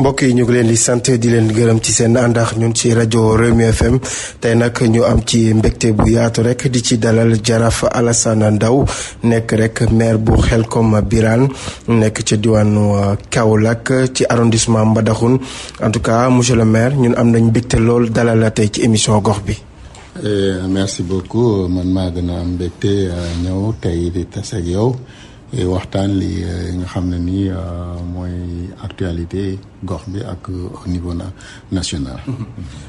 mbokk yi ñu ngi leen di sant di leen gërëm ci seen àndax ñun ci rajo Rewmi FM tey nag ñu am ci mbégte bu yaatu rek di ci dalal Jaraaf Alassane Ndao nekk rek maire bu xel Xelkom Birane nekk ca diwaanu kaw euh, Kaolack ci arrondissement Mbadakhoune en tout cas monsieur le maire ñun am nañ mbégte lool dalal tey ci émission gox bi. Eh, merci beaucoup man maa gën a am mbégte euh, ñëw tey di tas yow. Euh, waxtaan li euh, nga xam ne nii euh, mooy actualité gox bi ak niveau national. Mhm.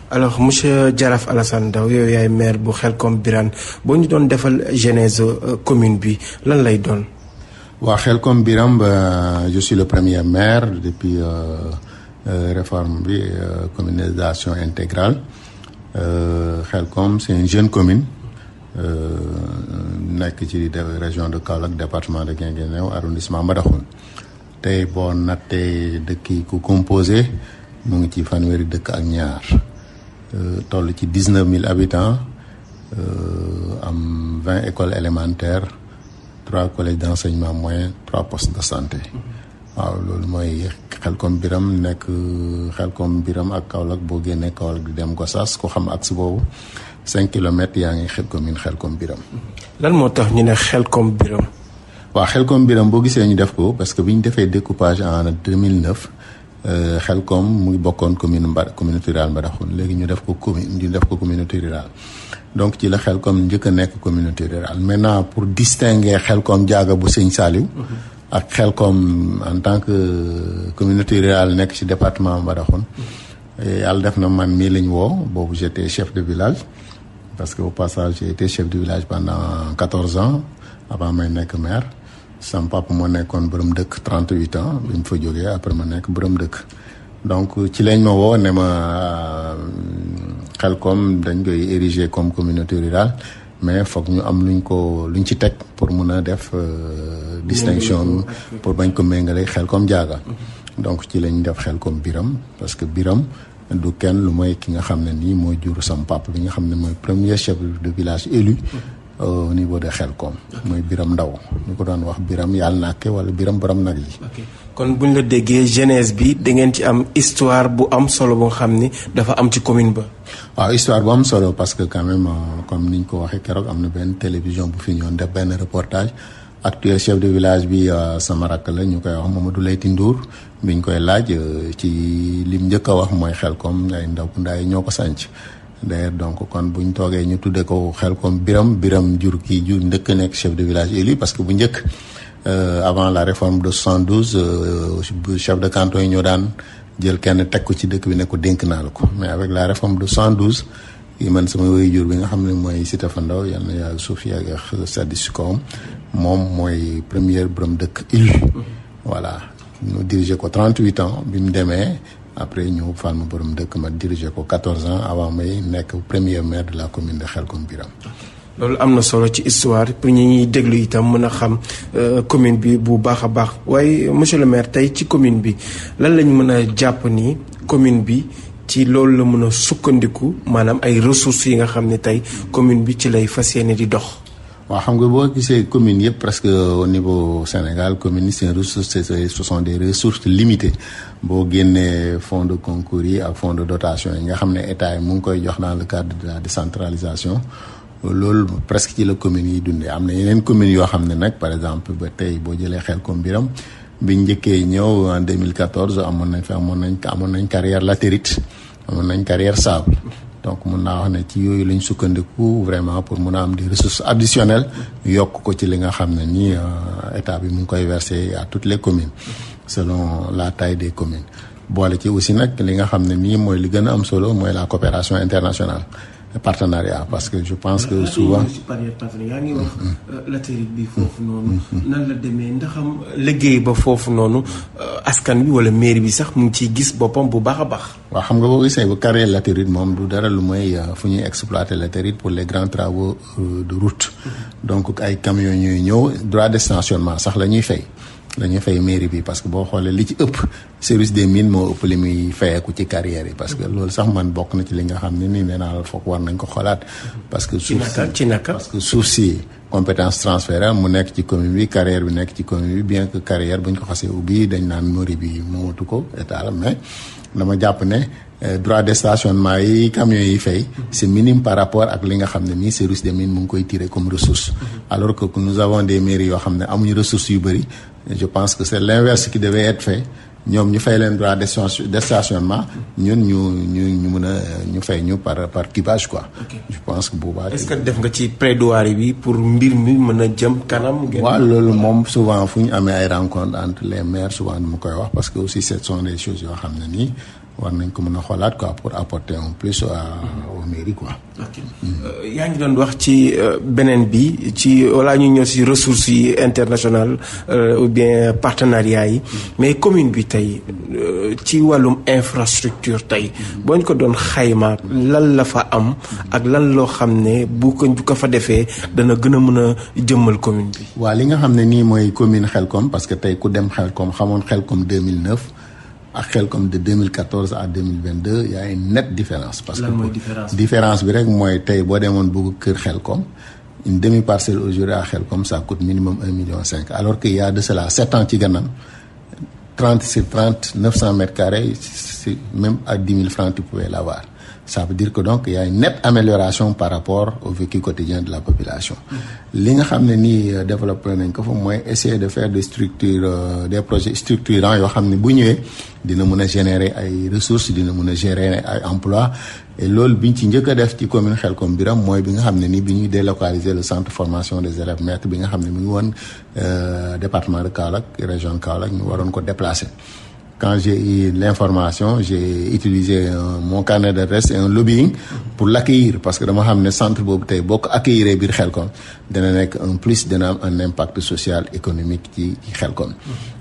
alors monsieur Diaraf Alassane Ndao yooyu yaay maire bu xel Xelkom Birane boo ñu doon defal genèse commune bi lan lay doon. waaw Xelkom Birame je suis le premier maire depuis réforme bi communalisation intégrale Xelkom c'est une jeune commune. Euh, nekk ci région de Kaolack département de Guinguinéo arrondissement Mbadakhoune tey boo nattee dëkk yi ku composé mu ngi ci fanweeri dëkk ak ñaar euh, toll ci dix neuf mille habitants euh, am vingt écoles élémentaires trois collèges d' enseignement moyen trois postes de santé. waaw loolu mooy xel Xelkom Biram nekk xel Xelkom Biram ak Kaolack boo génnee Kaolack di dem Gossas ku xam axe boobu. cinq kilomètres yaa ngi Xelkom in Xelkom Biram lan moo tax ñu ne xel Xelkom Biram xel Xelkom Biram boo gisee ñu def ko parce que bi ñu defee découpage en 2009 euh, Xelkom mu ngi bokkoon commune mba communauté rurale Mbadakhoune léegi ñu def ko commune ñu def ko communauté rurale donc ci la Xelkom njëkk a nekk communauté rurale maintenant pour distinguer koom jaaga bu Sëñ Saaliw ak xel koom en tant que communauté rurale nekk ci département Mbadakhoune yàlla def na man mii lañ woo boobu j'étais chef de parce que au passage j'ai été chef du village pendant 14 ans avant may nekk maire sampap papa moo nekkoon borom dëkk 38 ans bi mu fa jógee après ma nekk borom dëkk. donc ci lañ ma woo ne ma xel euh, Khelcom dañ koy ériger comme communauté rural mais foog ñu am luñ ko luñ ci teg pour mun a def euh, distinction pour bañ ko xel Khelcom Diaga mhm. donc ci lañ def Khelcom Biram parce que biiram du kenn lu mooy ki nga xam ne nii mooy jur sam pap bi nga xam ne mooy premier chef de village élu euh, au niveau de koom mooy Biram Ndaw ñu ko doon wax Biram yàlla nakke wala Biram Borom nag yi kon buñ la déggee jeunesse bi da ngeen ci am histoire bu am solo boo xam ni dafa am ci commune ba waaw histoire bu am solo parce que quand même euh, comme niñ ko waxee keroog am na benn télévision bu fi ñëwoon def benn reportage actuel chef de village bi euh, sama rakk la ñu koy wax Mamadou Leyti Ndour biñ koy laaj euh, ci lim njëkk a wax mooy xel ay ndaw ndaay ñoo ko sànc d'ailleurs donc kon buñ toogee ñu tuddee ko xel koom Biram Biram jur kii jur ndëkk nekk chef de village élu parce que bu njëkk euh, avant la réforme de 72 chef de canton yi ñoo daan jël kenn teg ko ci dëkk bi ne ko dénk naa la ko mais avec la réforme de douze man sama waajur bi nga xam ne mooy Sita Fandaw yal na yàlla suuf yàgg ak sàddi si kawam moom mooy première borom dëkk voilà ñu ko 38 ans bi mu demee après ñëw fal ma borom dëkk ma dirigé ko 14 ans avant may nekk premier maire la commune de Khelcom Birame loolu am na solo ci histoire pour ñi ñuy déglu itam mën a xam euh, commune bi bu baax a baax waaye monsieur le maire tey ci commune bi lan lañ mën a jàpp ni commune bi ci loolu la mën a sukkandiku maanaam ay ressources yi nga xam ne tey commune bi ci lay fas yéene di dox. waaw xam nga boo gisee communes yëpp presque au niveau Sénégal communes yi seen ressources ce sont des ressources limitées boo génnee fonds de concours yi ak fonds de dotation yi nga xam ne état yi mu ngi koy jox dans le cadre de la décentralisation. loolu presque ci la communes yi dundee am na yeneen communes yoo xam ne nag par exemple ba tey boo jëlee xel comme Biram bi njëkkee ñëw en 2014 amoon nañ fi amoon nañ amoon nañ carrière latérite amoon nañ carrière sable donc mun naa wax ne ci yooyu lañ sukkandiku vraiment pour mun a am di ressources additionnelles yokk ko ci li nga xam ne ni euh, état bi mu ngi koy verser à toutes les communes selon la taille des communes boole ci aussi nag li nga xam ne nii mooy li gën a am solo mooy la coopération internationale partenariat parce que je pense que souvent. yaa ngi wax euh, latérite bi foofu noonu. nan la demee ndaxam liggéey ba foofu noonu euh, askan bi wala maire bi sax mu ngi ciy gis boppam bu baax a baax. waaw xam nga boo gisee bu carré moom du dara lu mooy euh, fu ñuy exploiter latérite pour les grands travaux de route. Mhm. donc ay camions ñuy ñëw droit de sax la ñuy fay. dañuy fay mairie bi parce que boo xoolee li ci ëpp service des mines moo ëpp li muy fayeeku ci carrière yi parce que loolu sax man bokk na ci li nga xam ne nii ne naa la foog war nañ ko xoolaat parce que suuf si ci suuf si compétence transférable mu nekk ci commune bi carrière bi nekk ci commune bi bien que carrière bu ñu ko xasee ubbi dañ naan mairie bi moomatu ko état la mais dama jàpp ne euh, droit de stationnement yi camions yi fay c'est minime par rapport ak li nga xam ne nii service des mines mu ngi koy tiré comme ressource mm-hmm. alors que nous avons des yoo xam ne amuñu ressources yu bëri je pense que c'est l'inverse qui devait être fait ñoom ñu fay leen droit de stationnement ñun ñu ñu ñu mën a ñu fay ñu par par kibage quoi. je pense que bu baax. est-ce que def nga ci plaidoirie bi pour mbir mi mën a jëm kanam. waa loolu moom souvent fu ñu amee ay rencontre entre les maires souvent nu mu koy wax parce que aussi ce sont des choses yoo xam ne nii. war nañ ko mën a xoolaat quoi pour plus à mm-hmm. quoi. Mm. Euh, yaa ngi doon wax ci euh, beneen bi ci walla ñu ñëw si ressources yi internationales euh, ou bien partenariat yi mm-hmm. mais commune bi tey ci wàllum infrastructure tey mm-hmm. boo ñu ko doon xayma lan la fa am ak lan loo xam ne bu ko bu ko fa defee dana gën a mën a jëmmal commune bi. waaw li nga xam ne nii mooy commune Xelkom parce que tey ku dem Xelkom xamoon Xelkom 2009. ak Xelcom de 2014 à 2022 y a une nette différence. parce Là, que différence différence bi rek mooy tey boo demoon bëgg kër Xelcom une demi parcelle aujourd'hui à Xelcom ça coûte minimum un million cinq alors que y a de cela sept ans ci gannaaw. 30 sur 30, 900 mètres carrés, même à 10 000 francs, tu pouvais l'avoir. ça veut dire que donc il y a une nette amélioration par rapport au vécu quotidien de la population li nga xam ne nii euh, développé nañ ko fa mooy essayer de faire de structures euh, des projet structurants yoo xam ne bu ñëwee dina mun a générer ay ressources dina mun a générer ay emplois et loolu bi ñu ci njëkk a def ci commune koom Biram mooy bi nga xam ne nii bi ñuy délocaliser le centre formation des élèves maîtres bi nga xam ne mu ngi woon euh, département de Kaolack région de Kaolack waroon ko déplacer quand j'ai eu l'information j'ai utilisé un, euh, mon carnet d'adresse et un lobbying pour l'accueillir parce que dama xam ne centre boobu tey boo ko accueillir biir Khelcom dana nekk en plus dina am un impact social économique ci Khelcom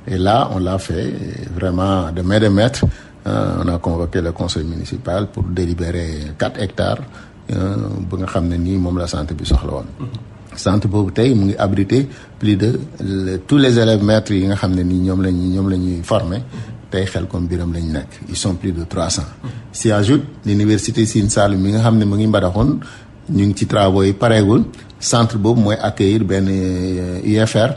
et la on l'a fait vraiment de main de maître euh, on a convoqué le conseil municipal pour délibérer quatre hectares euh, ba nga xam ne nii moom la centre bi soxla woon centre boobu tey mu ngi abrité plus de tous les élèves maîtres yi nga xam ne nii ñoom lañu ñoom la ñuy formé tey xel comme biram lañ nekk ils sont plus de trois cent s'y ajoute l'université Sine Saloum mi nga xam ne mu ngi mbadaxoon ñu ngi ci travaux yi pareegul centre boobu mooy accueillir benn UFR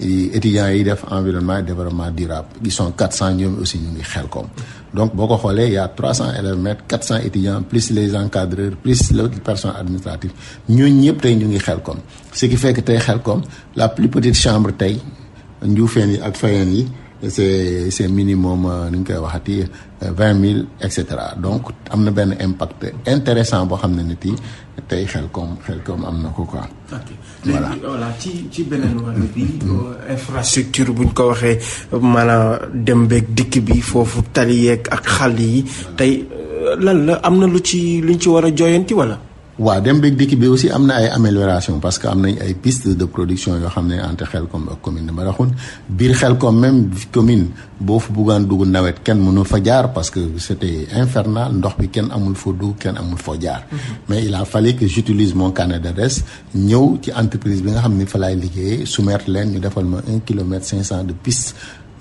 euh, étudiants yi def environnement et développement durable ils sont quatre cent ñoom aussi ñu ngi xel comme donc boo ko xoolee y a trois cent élèves mètres quatre cent étudiants plus les encadreurs plus le personnel administratif ñooñu ñëpp tey ñu ngi xel comme ce qui fait que tey xel comme la plus petite tey njuufeen yi ak fayeen yi c'est c'est minimum euh, nu ñu koy waxati euh, vingt mille et cetera donc am na benn impact intéressant boo xam ne nit yi tey xel koom am na ko quoi. voilà voilà ci ci beneen mm-hmm. euh, buñ ko waxee maanaam dem beeg dikk bi foofu tali yeeg ak xal yi. tey lan la am na lu ci luñ ci war a jooyanti wala. waaw dem beeg dikk bi aussi am na ay amélioration parce que am nañ ay pistes de production yoo xam ne entre Xelkom ak commune de Maraxun biir Xelkom même commune boo fa buggaan dugg nawet kenn mënu fa jaar parce que c'était infernal ndox bi kenn amul fa dugg kenn amul fa jaar mhm. mais il fa fallu que j'utilise mon carnet d'adresse ñëw ci entreprise bi nga xam ne fa laay liggéeyee soumettre leen ñu defal ma un kilomètre cinq cent de piste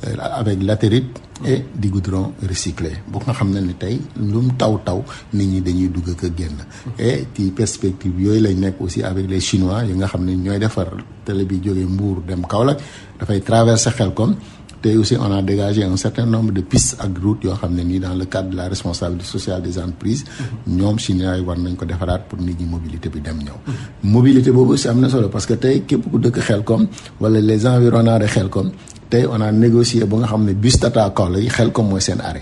Euh, avec latérite et du goudron recyclé boo nga xam ne ni tey lu taw taw nit ñi dañuy dugg ak génn et ci perspective yooyu lañ nekk aussi avec les chinois yi nga xam ne ñooy defar télé bi jógee Mbour dem Kaolack dafay traverser Khelcom te aussi on a dégagé un certain nombre de pistes ak routes yoo xam ne nii dans le cadre de la responsabilité sociale des entreprises ñoom chinois yi war nañ ko defaraat pour nit ñi mobilité bi dem ñëw mobilité boobu aussi am na solo parce que tey képp ku dëkk Khelcom wala les environnants de Khelcom te on a négocié ba nga xam ne bus Tata Kaolack xel comme mooy seen are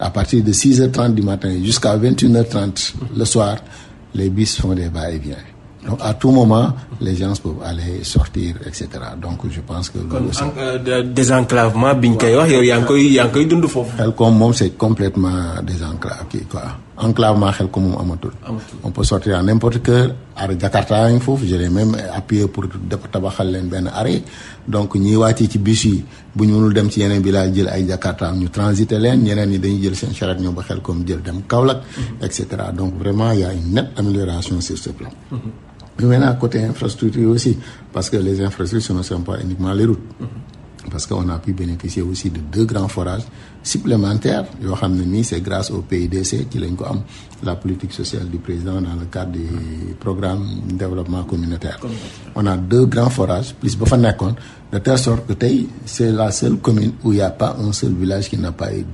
à partir de 6 heures 30 du matin jusqu'à 21 heures 30 le soir les bus font des va-et-vient donc à tout moment les gens peuvent aller sortir et cetera donc je pense que. loolu aussi kon euh, désenclavement bi ñu koy wax yow yaa ngi koy yaa ngi koy dund foofu. xel comme moom c'est complètement désenclavé quoi. enclavement xel ko moom amatul. on peut sortir à n'importe quelle heure Jakarta ngi foofu jëlee même appuyé pour tabaxal leen benn arrêt donc ñiy wàccee ci bus yi bu ñu mënul dem ci yeneen bi laa jël ay Jakarta ñu transiter leen ñeneen ñi dañu jël seen charrette ñëw ba xel comme jël dem Kaolack. Mhm. et cetera donc vraiment y a une nette amélioration sur ce plan. Mhm. mais maintenant côté infrastructure aussi parce que les infrastructures ne sont pas uniquement les routes. Mhm. parce que qu'on a pu bénéficier aussi de deux grands forages supplémentaires yoo xam ne nii c'est grâce au PIDC ci lañ ko am la politique sociale du président dans le cadre du programme développement communautaire on a deux grands forages plus ba fa nekkoon de telle sorte que tey c'est la seule commune où il y a pas un seul village qui n'a pas eu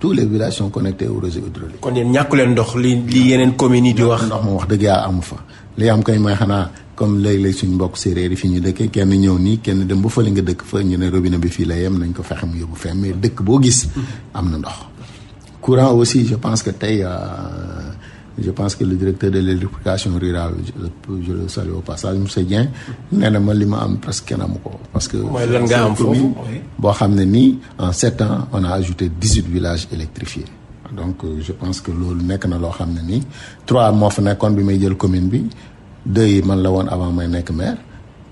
tous les villages sont connectés au réseau hydraulique kon yéen ñàkku leen ndox li li yeneen communes yi wax ndox moom wax dëgg amu fa li am kay mooy xanaa comme léeg-léeg suñ mbokk séeréer yi fi ñu dëkkee kenn ñëw nii kenn dem ba fële nga dëkk fa ñu ne robinet bi fii la yem nañ ko fexe mu yóbbu fenn mais dëkk boo gis am na ndox courant aussi je pense que tey euh, je pense que le directeur de l'électrification rurale je le salue au passage monsieur Dieng nee na ma li ma am presque kenn amu ko parce que mooy lan nga am foofu boo xam ne nii en sept ans on a ajouté dix-huit villages électrifiés donc euh, je pense que loolu nekk na loo xam ne nii trois moo fa nekkoon bi may jël commune bi deux yi man la woon avant may nekk maire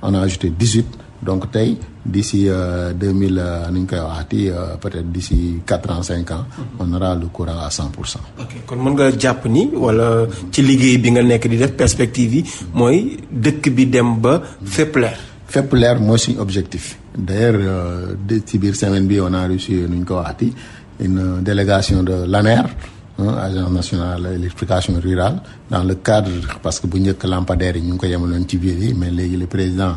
on a ajouté dix-huit donc tey di d'ici euh, deux mille euh, nu ñu koy waxati euh, peut-être d'ici quatre ans cinq ans. Mhm. on aura le courant à cent pour cent. kon mën nga jàpp ni walla ci liggéey bi nga nekk di def perspective yi mooy dëkk bi dem ba fépp leer. fépp leer mooy suñ objectif d'ailleurs ci biir semaine bi on a reçu nu ñu ko waxati une délégation de l'ANER. agence nationale électrification rurale dans le cadre parce que bu njëkk lampadaire yi ñu ngi ko yemaloon ci biir yi mais léegi le président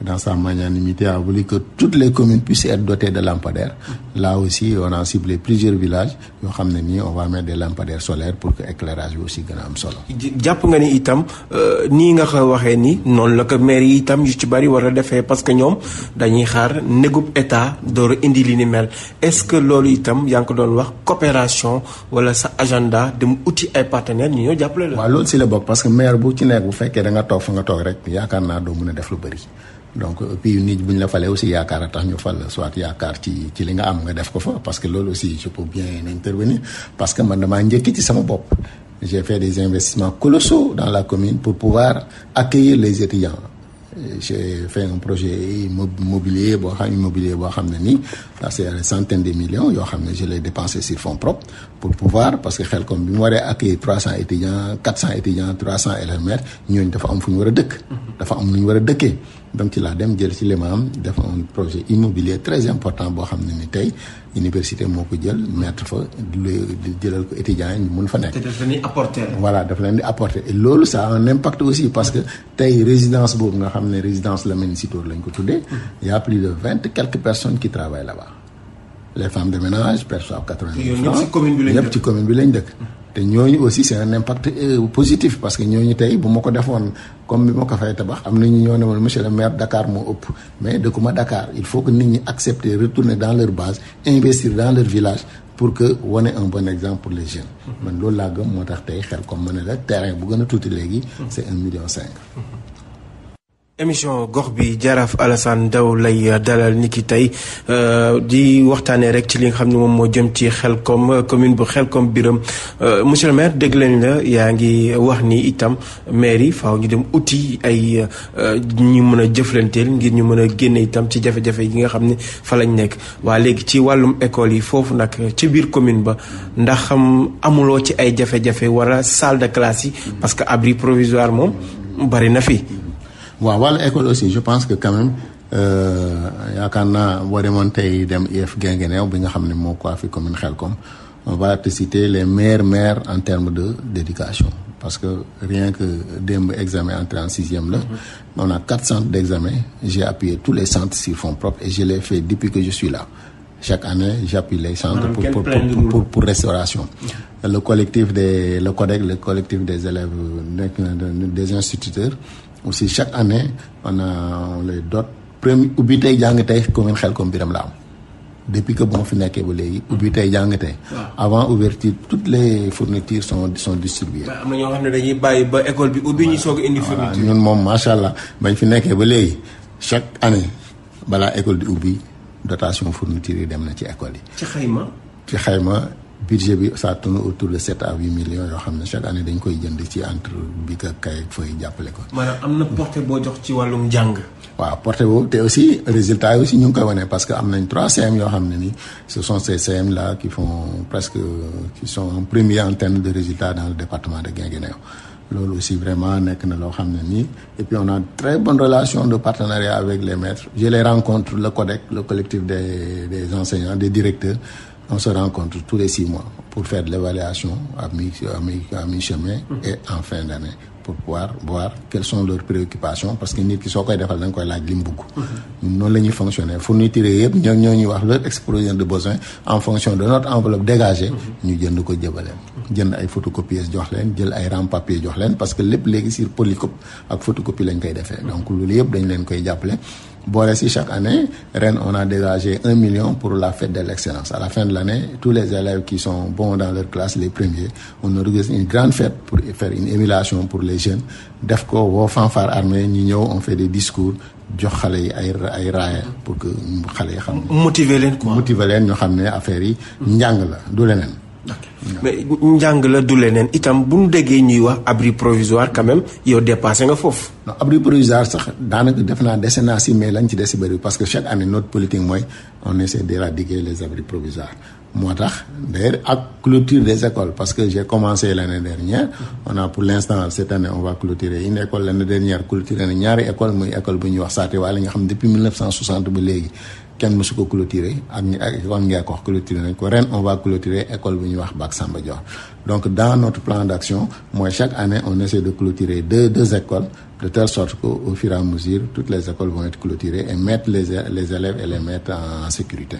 dans sa magnanimité a voulu que toutes les communes puissent être dotées de lampadaires. Là aussi, on a ciblé plusieurs villages yoo xam ne nii on va mettre des lampadaires solaires pour que éclairage bi aussi gën a am solo. jàpp nga ni itam euh, nii nga ko waxee ni noonu la ko maire yi itam yu ci bari war a defee parce que ñoom dañuy xaar négub état door indi li ni mel est-ce que loolu itam yaa ngi ko doon wax coopération wala sa agenda dem uti ay partenaires ñu ñoo jàppale la. waaw loolu si que maire bu ci nekk bu fekkee da nga nga toog rek yaakaar naa doo mën def lu bari. donc euh, puis nit bu ñu la falee aussi yaakaar a tax ñu fal soit yaakaar ci ci li nga am nga def ko fa parce que loolu aussi je peux bien intervenir parce que man damaa njëkk ci sama bopp j'ai fait des investissements colossaux dans la commune pour pouvoir accueillir les étudiants j'ai fait un projet immobilier boo xam immobilier boo xam ne nii c'est une centaine de millions yoo xam ne je l'ai dépensé sur fonds propres pour pouvoir parce que xel comme bi mu waree accueillir trois cent étudiants quatre cent étudiants cent élèves ñooñu dafa am fu ñu war a dëkk dafa am lu ñu war a dëkkee donc ci laa dem jël ci limaam def un projet immobilier très important boo xam ne ni tey université moo ko jël mettre fa di jëlal ko étudiants yi ñu mun fa nekk. te daf leen di apporter. loolu ça a impact aussi parce que tey résidence boobu nga xam ne résidence Lamine Sitoor lañ ko tuddee. y a plus de vingt quelques personnes qui travaillent là-bas. les femmes de ménage perçoivent quatre-vingt mille francs. ñëpp ci commune bi lañ dëkk. te ñooñu aussi c'est un impact euh, positif parce que ñooñu tey bu ma ko defoon comme bi ma ko fay tabax am na ñu ñoo ne woon monsieur le maire Dakar moo ëpp mais dëkkuma Dakar il faut que nit ñi accepter retourner dans leur base investir dans leur village pour que wane un bon exemple pour les jeunes. Mm-hmm. man loolu laa gëm moo tax tey xel comme ma ne la terrain bu gën a tuuti léegi. Mm-hmm. c'est un million cinq. Mm-hmm. émission gox bi jaraaf Alassane Daw lay dalal nit ki tey euh, di waxtaanee rek ci li nga xam ne moom moo jëm ci xel kom euh, commune bu Xelkom Birame euh, monsieur le maire dégg leen la yaa ngi wax ni itam maire yi faaw ñu dem uti ay ñu mën a jëflanteel ngir ñu mën a génne itam ci jafe-jafe yi nga xam ne fa lañ nekk waa léegi ci wàllum école yi foofu nag ci biir commune ba ndax amuloo ci ay jafe-jafe wala salle de yi parce que abri provisoire moom bari na fi waaw wàllu école aussi je pense que quand même euh, yaakaar naa boo demoon tey dem IEF neew bi nga xam ne moo ko fi commune Xelkom on va te citer les meilleurs maires en termes de d'éducation parce que rien que démb examen entrée en sixième là mm-hmm. on a quatre centres d'examen j'ai appuyé tous les centres sur fonds propres et je l'ai fait depuis que je suis là chaque année j'appuie les centres pour pour, pour, pour, pour restauration mm-hmm. le des le CODEC le collectif des élèves des instituteurs aussi chaque année on a les dote premier ubbi tey jàng tey commune Xelcom Birame la am depuis que bu ma fi nekkee ba léegi. ubbi tey jàng tey. avant ouverture toutes les fournitures sont sont distribuées. am na ñoo xam ne dañuy bàyyi ba école bi ubbi ñu soog indi. fourniture ñun moom macha allah bañ fi nekkee ba léegi chaque année balaa école di ubbi dotation fourniture yi dem na ci école yi. ci xayma. ci xayma budget bi ça tourne autour de sept à huit millions yoo xam ne chaque année dañ koy jënd ci entre bic ak kay ak jàppale ko. maanaam am na portée boo jox ci wàllum jàng. waaw portée boobu te aussi résultat aussi ñu ngi koy wane parce que am nañ trois CM yoo xam ne ni ce sont ces CM là qui font presque qui sont premier en de résultats dans le département de Guinguinéo. loolu aussi vraiment nekk na loo xam ne nii et puis on a très bonne relation de partenariat avec les maîtres je les rencontre le CODEC le collectif des des enseignants des directeurs. On se rencontre tous les six mois pour faire de l'évaluation à mi-chemin mhm. et en fin pour pouvoir voir quelles sont leurs préoccupations parce que nit ki soo koy defal da nga koy laaj li mu bugg. Mhm. noonu la ñuy fonctionner fourniture yëpp ñoo ñoo ñuy wax leur explosion de besoin en fonction de notre enveloppe dégagée. Mhm. ñu jënd ko jëbaleen. jënd ay photocopieuses jox leen jël ay rame papier jox leen parce que lép léegi sur polycope ak photocopie lañ koy defee. donc loolu yëpp dañ leen koy jàppale. boole si chaque année ren on a dégagé un million pour la fête de l'excellence à la fin de l'année tous les élèves qui sont bons dans leur classe les premiers on organise une grande fête pour faire une émulation pour les jeunes def ko woo fanfare armée ñu ñëw on fait des discours jox xale yi ay ay raaya pour que xale yi xam motiver leen quoi motiver leen ñu xam ne affaire yi njàng la du leneen mais njàng la du leneen itam bu ñu déggee ñuy wax abri provisoire quand même yow dépassé nga foofu. non abri provisoire sax daanaka def naa dese naa si mais lañ ci des bëri parce que chaque année notre politique mooy on essaie d'éradiquer les abris provisoires. moo tax d'ailleurs ak clôture des écoles parce que j'ai commencé l'année dernière on a pour l'instant cette année on va clôturer une école l'année dernière clôturer na ñaari école muy école bu ñuy wax Saate wala kenn mësu ko clôturer ak ñu ak école ngee ko wax clôturer nañ ko ren on va clôturer école bu ñuy wax Bac Samba Dior donc dans notre plan d'action mooy chaque année on essaie de clôturer deux deux écoles de telle sorte qu'au fur et toutes les écoles vont être clôturées et mettre les les élèves et les mettre en sécurité.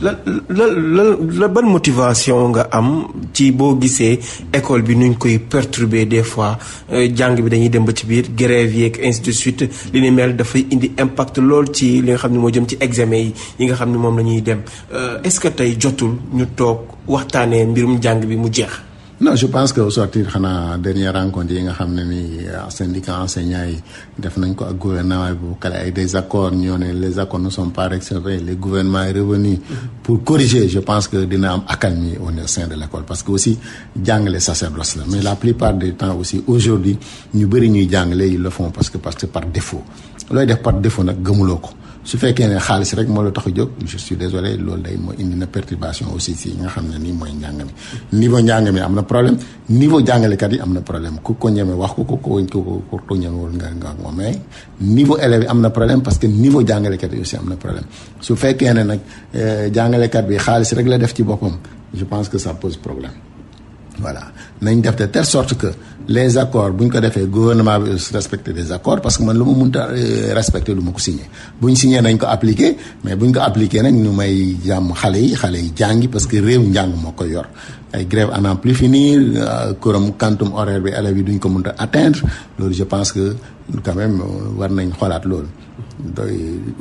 la la la la ban motivation nga am ci boo gisee école bi nuñ koy perturber des fois euh, jàng bi dañuy dem ba ci biir grève yeeg ainsi de suite li ni mel dafay indi impact lool ci li nga xam ne moo jëm ci examen yi yi nga xam ne moom la ñuy dem euh, est-ce que tey jotul ñu toog. waxtaanee mbirum jàng bi mu jeex. non je pense que au sortir xanaa dernière rencontre yi nga xam ne ni euh, syndicat enseignants yi def nañ ko ak gouvernement bu kale ay des accords ñoo ne les accords ne sont pas respectés les gouvernements est revenu pour corriger je pense que dina am accalmie au sein de l'école parce que aussi jàngale sacerdoce la mais la plupart de temps aussi aujourd'hui ñu bëri ñuy jàngale ils le font parce que parce que par défaut looy def par défaut nag gëmuloo ko su fekkee ne xaalis rek moo la tax a jóg je suis désolé loolu day moo indi na aussi si nga xam ne nii mooy njàng mi niveau mi am na problème niveau jàngalekat yi am na ku ko wax ko ko ko ñemewul nga nga moom mais niveau élèves na problème parce que niveau jàngalekat yi am na problème su fekkee ne nag euh, jàngalekat bi xaalis rek la def ci boppam je pense que ça pose problème voilà nañ def de telle sorte que les accords bu ñu ko defee gouvernement bi des les accords parce que man lu ma mënta euh, respecté lu ma ko signé bu ñu signé nañ ko appliqué mais bu ñu ko appliqué nañ ñu may jàmm xale yi xale yi jàngi parce que réew njàng moo ko yor ay grève à n'en plus finir euh, kuram quantum horaire bi élèves yi duñ ko mun a atteindre loolu je pense que quand même euh, war nañ xoolaat loolu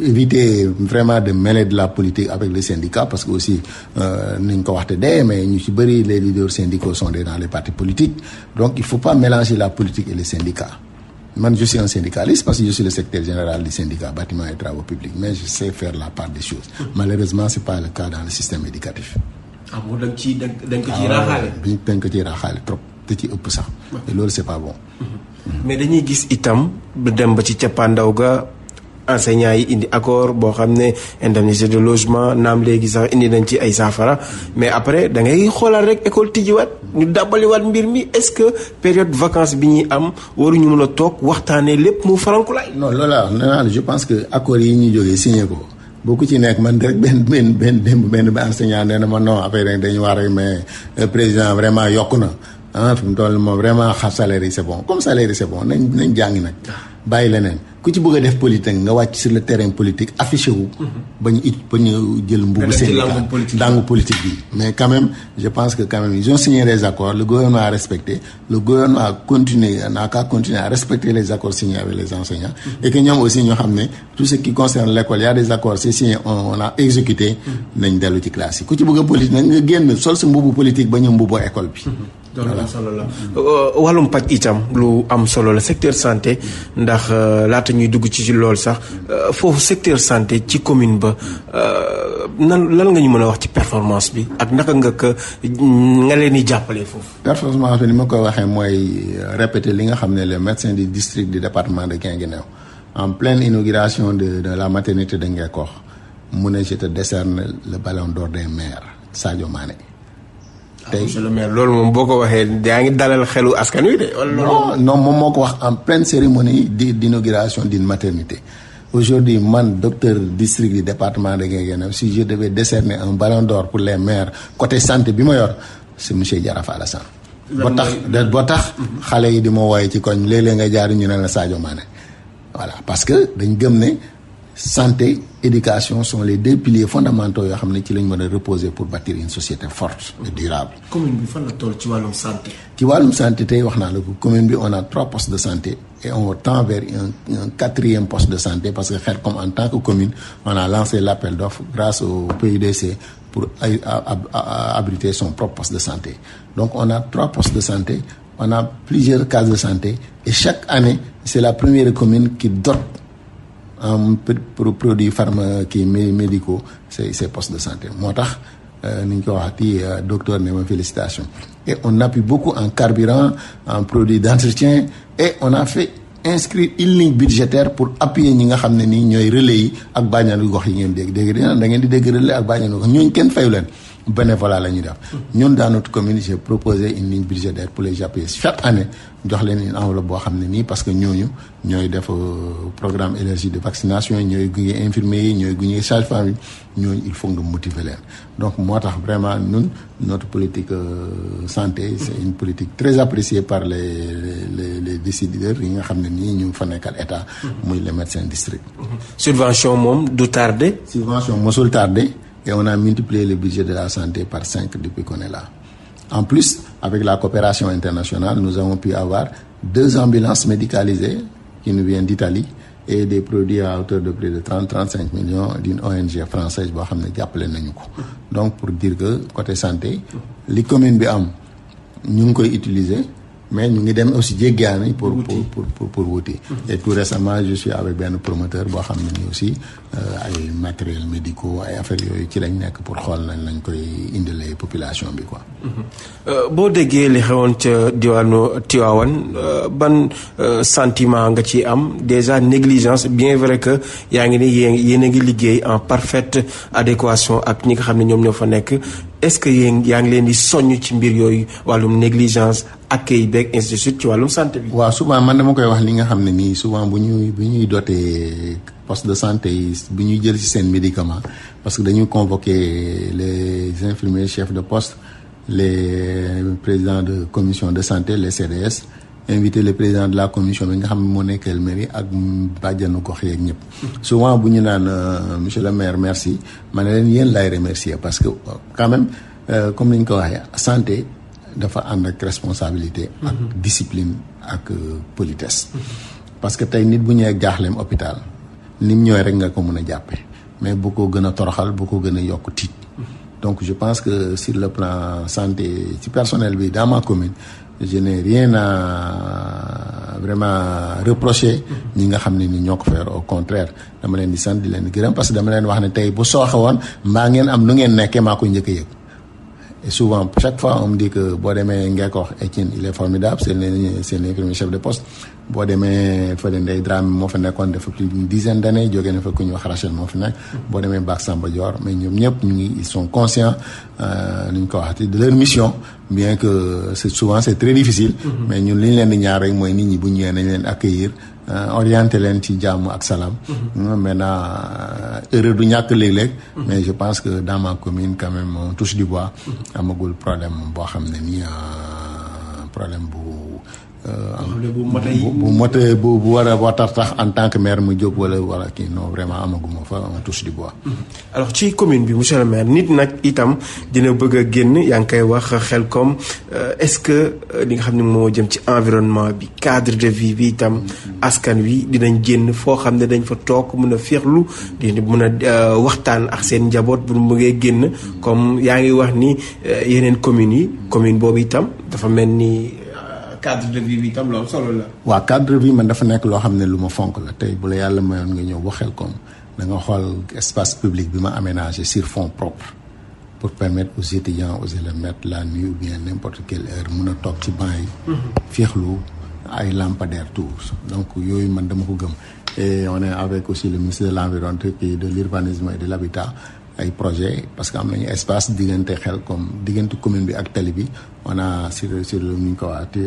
éviter vraiment de mêler de la politique avec les syndicats parce que aussi euh, niñ ko waxte dee mais ñu ci bëri les leaders syndicaux sont dans les partis politiques donc il faut pas mélanger la politique et les syndicats man je suis un syndicaliste parce que je suis le secrétaire général du syndicat bâtiment et travaux publics mais je sais faire la part des choses malheureusement c'est pas le cas dans le système éducatif ah bon nga ciy da nga ciy ah, raaxaale. da nga ko ciy raaxaale trop te ci ëpp sax. te loolu c'est mm-hmm. mais dañuy gis itam dem ba ci cappaandaw ga enseignants yi indi accord boo xam ne indemnité de naam léegi sax indi nañ ci ay saafara mais après da ngay xoolaat rek école tijjiwaat ñu dàbbaliwaat mbir mi est-ce que période vacance bi ñuy am waruñu mën a toog waxtaanee lépp mu farankulaay. non loolu laa wax nee naa je pense que accords yi ñuy jógee signé ko. boo ku ci nekk man rek benn benn benn démb benn bi enseignant nee na ma non affaire yi dañu war a mais euh, président vraiment yokk na ah fi mu toll moom vraiment xam salaire yi c'est bon comme salaire yi c'est bon nañ nañ jàngi nag bàyyi leneen ku ci bëgg a def politique nga wàcc si le terrain politique affiché mhm. ba ñu it ba ñu jël mbubu syndicat dangu politique bi. mais quand même pense que quand même ils ont signé des accords le gouvernement a respecté le gouvernement a continué n'a qu'à continuer à respecter les accords signés avec les enseignants. Mhm. et ñoom aussi ñoo xam ne tout ce qui concerne l'école y a des accords c'est signé on on a exécuté. Mhm. nañ dellu ci classe yi ku ci bëgg a politique nag nga génn sol sa mbubu politique ba ñu loolu am solo la euh, wàllum paj itam lu am solo la secteur santé ndax euh, laata ñuy dugg ci lool sax euh, foofu secteur santé ci commune ba nan lan nga ñu mën a wax ci performance bi ak naka nga ko nga leen di jàppale foofu. performance bi ni ma koy waxee mooy répéter li nga xam ne les médecins du district du département de Guinguinéo en pleine inauguration de de la maternité de Ngekokh mu ne je te décerne le ballon d'or des maires Sadio Mané. tey ah, monsieur le loolu moom boo ko waxee yaa ngi dalal xelu aska wi de. moom moo ko wax en pleine cérémonie di d'inauguration d'une maternité. aujourd'hui man docteur district du département de Guinguinéo si je devais décerner un ballon d'or pour les maires côté santé bi ma yor si monsieur Diaraf Alassane boo tax boo tax mhm. xale yi di ma wooye ci koñ léeg-léeg nga jaar ñu ne la Sadio maane voilà parce que dañ gëm ne santé éducation sont les deux piliers fondamentaux yoo xam ne ci lañ mën a reposer pour bâtir une société forte et durable. commune bi fan la toll ci wàllum santé. ci wàllum santé tey wax naa la ko commune bi on a trois postes de santé et on tend de santé parce que xel comme en tant que commune on a lancé l' appel d' offre grâce au de santé donc on a trois postes de santé on a plusieurs cases de santé et chaque année c' est la première commune qui dote. en produits pharma kii médicaux ces ces postes de santé moo tax euh, ni ñu ko wax euh, docteur ne ma félicitation et on nappi beaucoup en carburant en produits d'entretien et on a fait inscrire une ligne budgétaire pour appuyer ñi nga xam ne nii ñooy relais yi ak bàññaanu gox yi ngeen dégg dégg da ngeen di dégg relais ak bàññaanu gox ñooñu kenn fayu leen bénévolat la ñuy def ñun dans notre commune j'ai proposé une ligne budgétaire pour les appuyer chaque année jox leen une enveloppe boo xam ne nii parce que ñooñu ñooy def euh, programme énergie de vaccination ñooy gunge infirmiers yi ñooy gunge sage-femme yi ñooñu il faut nga motiver leen donc moo tax vraiment not notre politique euh, santé c'est une politique très appréciée par les les les décideurs yi nga xam ne nii ñu fa nekkal état muy le médecins district subvention moom du tardé subvention mosul tardé on a multiplié le budget de la santé par cinq depuis qu'on est là. En plus, avec la coopération internationale, nous avons pu avoir deux ambulances médicalisées qui nous viennent d'Italie et des produits à hauteur de près de 30-35 millions d'une ONG française boo xam ne jàppale nañu ko donc pour dire que côté santé li commune bi am ñu ngi koy utiliser mais ñu ngi dem aussi jéggaani pour pour pour pour wuti et tout récemment je avec benn promoteur boo xam ne aussi Euh, ay matériel médicaux ay affaires yooyu ci lañ nekk pour xool nañ lañ koy indilee population bi quoi. Euh, boo déggee li xewoon ca diwaanu Tivaouane euh, ban sentiment nga ci am déjà négligence bien vrai que yaa ngi ni yéen a ngi liggéey en parfaite adéquation ak ñi nga xam ne ñoom ñoo fa nekk est-ce que yéen yaa ngi leen di soññ ci mbir yooyu wàllum négligence accueil beeg institut ci wàllum santé waa waaw souvent man dama koy wax li nga xam ne nii souvent bu ñuy bu ñuy dotee. poste de santé yi bi ñuy jël ci seen médicament parce que dañuy convoquer les infirmiers chefs de poste les présidents de commission de santé les CDS invité le président de la commission bi nga xam ne moo nekkeel mairie ak bàjjanu gox yeeg ñëpp. souvent bu ñu naan euh, monsieur le maire merci ma ne leen yéen laay remercier parce que euh, quand même euh, comme ni ñu ko waxee santé dafa ànd ak responsabilité. ak mhm. discipline ak politesse. parce que tey nit bu ñëwee jaaxleem hôpital. lim ñooy rek nga ko mën a jàppe mais bu ko gën a toroxal bu ko gën a yokk tiit donc je pense que sur le plan santé ci personnel bi daama ma commune je n'ai rien à vraiment reprocher ñi nga xam ne ñu ñoo ko faire au contraire dama leen di sant di leen di gërëm parce que dama leen wax ne tey bu sooxe woon mbaa ngeen am nu ngeen nekkee maa koy njëkk a yëg Et souvent, chaque fois, on me dit que Boademé Ngakor, Etienne, il est formidable, c'est l'infirmier chef de poste. boo demee fële Ndeye Dramé moo fa nekkoon dafa plus d'une dizaine d'années jógee na fa ku ñu wax Rachel moo fi nekk. boo demee Bac Samba Dior mais ñoom ñëpp ñu ngi ils sont conscients euh, ñu ko waxati de leur mission bien que c'est souvent c'est très difficile. Mm-hmm. mais ñun li leen di ñaar rek mooy nit ñi bu ñu ñëwee nañ leen accueillir. Euh, orienté leen ci jàmm ak salaam. Mm-hmm. Mm, maintenant euh, erreur du ñàkk léeg-léeg. Mm-hmm. mais je pense que dans ma commune quand même on touche du bois. amagul problème boo xam ne nii xamle euh, bu matay bu war a watar tax en tant que maire mu jóg wala wala kii non vraiment amaguma fa on touche du bois. Mhm. alors ci commune bi monsieur le maire nit nag itam dina bëgg génn yaa ngi koy wax xel comme euh, est-ce que euh, li nga xam ne moo jëm ci environnement bi cadre de vie bi itam mhm. askan wi dinañ génn foo xam ne dañ fa toog mun a féexlu di mun a waxtaan ak seen njaboot bu mu bëggee génn mhm. comme yaa ngi wax ni yeneen communes yi commune boobu itam dafa mel nii ak cadre de vie solo la. waaw cadre de man dafa nekk loo xam ne lu ma fonk la tey bu la yàlla mayoon nga ñëw waxeel ko da nga xool espace public bi ma aménagé sur fonds propres pour permettre aux étudiants aux élèves mettre la nuit ou bien n'importe quelle a toog ci banc yi. Mm-hmm. féexlu ay lampadaire tour donc yooyu man dama ko gëm et on avec aussi le ministre de l'environnement et de l'urbanisme de l'habitat ay projet parce que am nañu espace diggante xel comme diggante commune bi ak tali bi on a sur sur nu ñu ko waati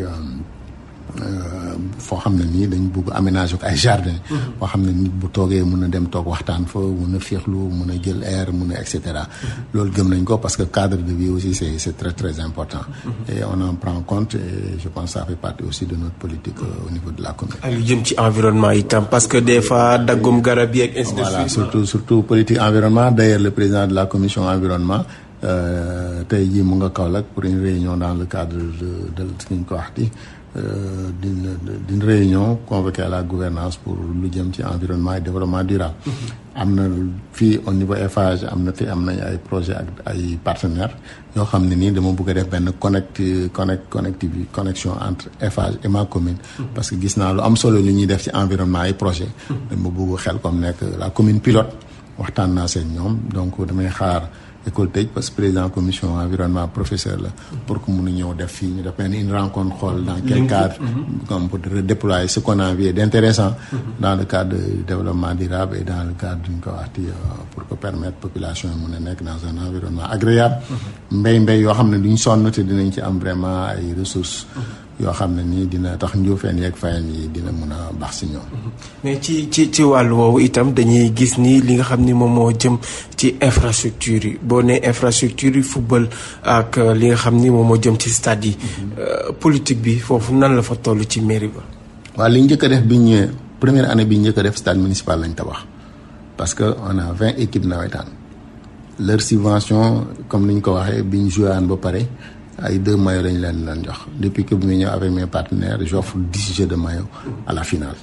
foo xam ne nii dañu bugg aménager ko ay jardin mhm. foo xam ne nit bu toogee mun a dem toog waxtaan foo mun a féexlu mun a jël air mun a et cetera mhm. loolu gëm nañ ko parce que cadre de vie aussi c'est c'est très très important mhm. et on en prend compte et je pense ça fait partie aussi de notre politique euh, au niveau de la commune ak jëm ci environnement itam parce que des fois daggum garab yi ak ainsi surtout surtout politique environnement d'ailleurs le président de la commission environnement euh, tey jii mu nga Kaolack pour une réunion dans le cadre de de suñ Euh, d'une d'une réunion convoquée à la gouvernance pour lu jëm ci environnement et développement dural mm-hmm. am na fii au niveau Eiffage am na fi am nañ ay projet ak ay partenaires yoo xam ne nii dama bugg a def benn connect connect connectivité connexion entre Eiffage et ma commune. Mm-hmm. parce que gis naa lu am solo lu ñuy def ci environnement ay projet mm-hmm. dama bëgg xel comme nekk la commune pilote waxtaan naa seen ñoom donc damay xaar. école tëj parce que président commission environnement professeur la pour que mun a ñëw def fii ñu def benn une rencontre xool dans quel cadre mhm. comme pour redéployer a envie d'intéressant mhm. dans le cadre du développement durable et dans le cadre duñ ko waxti pour que permettre population yi mun a nekk dans un environnement agréable mhm. mbéy mbéy yoo xam ne duñ sonn te dinañ ci am vraiment ay ressources yoo xam ne nii dina tax njuufeen yeeg fayeen yi dina mun a baax si ñoom. mais ci ci ci wàllu woowu itam dañuy gis ni li nga xam ni moom moo jëm ci infrastructure yi boo nee infrastructure yi football ak euh, li nga xam ni moom moo jëm ci stade yi. Euh, politique bi foofu nan la fa toll ci mairie ba. waaw li njëkk a def bi ñëwee première anne bi njëkk a def stade municipal lañ tabax parce que on a vingt équipes nawetaan leur subvention comme ni ñu ko waxee bi ñu joué ba pare. ay deux maillots dañ leen leen jox depuis que bu ñu ñëw avec mes partenaires j'offre dix jeux de maillot à la finale.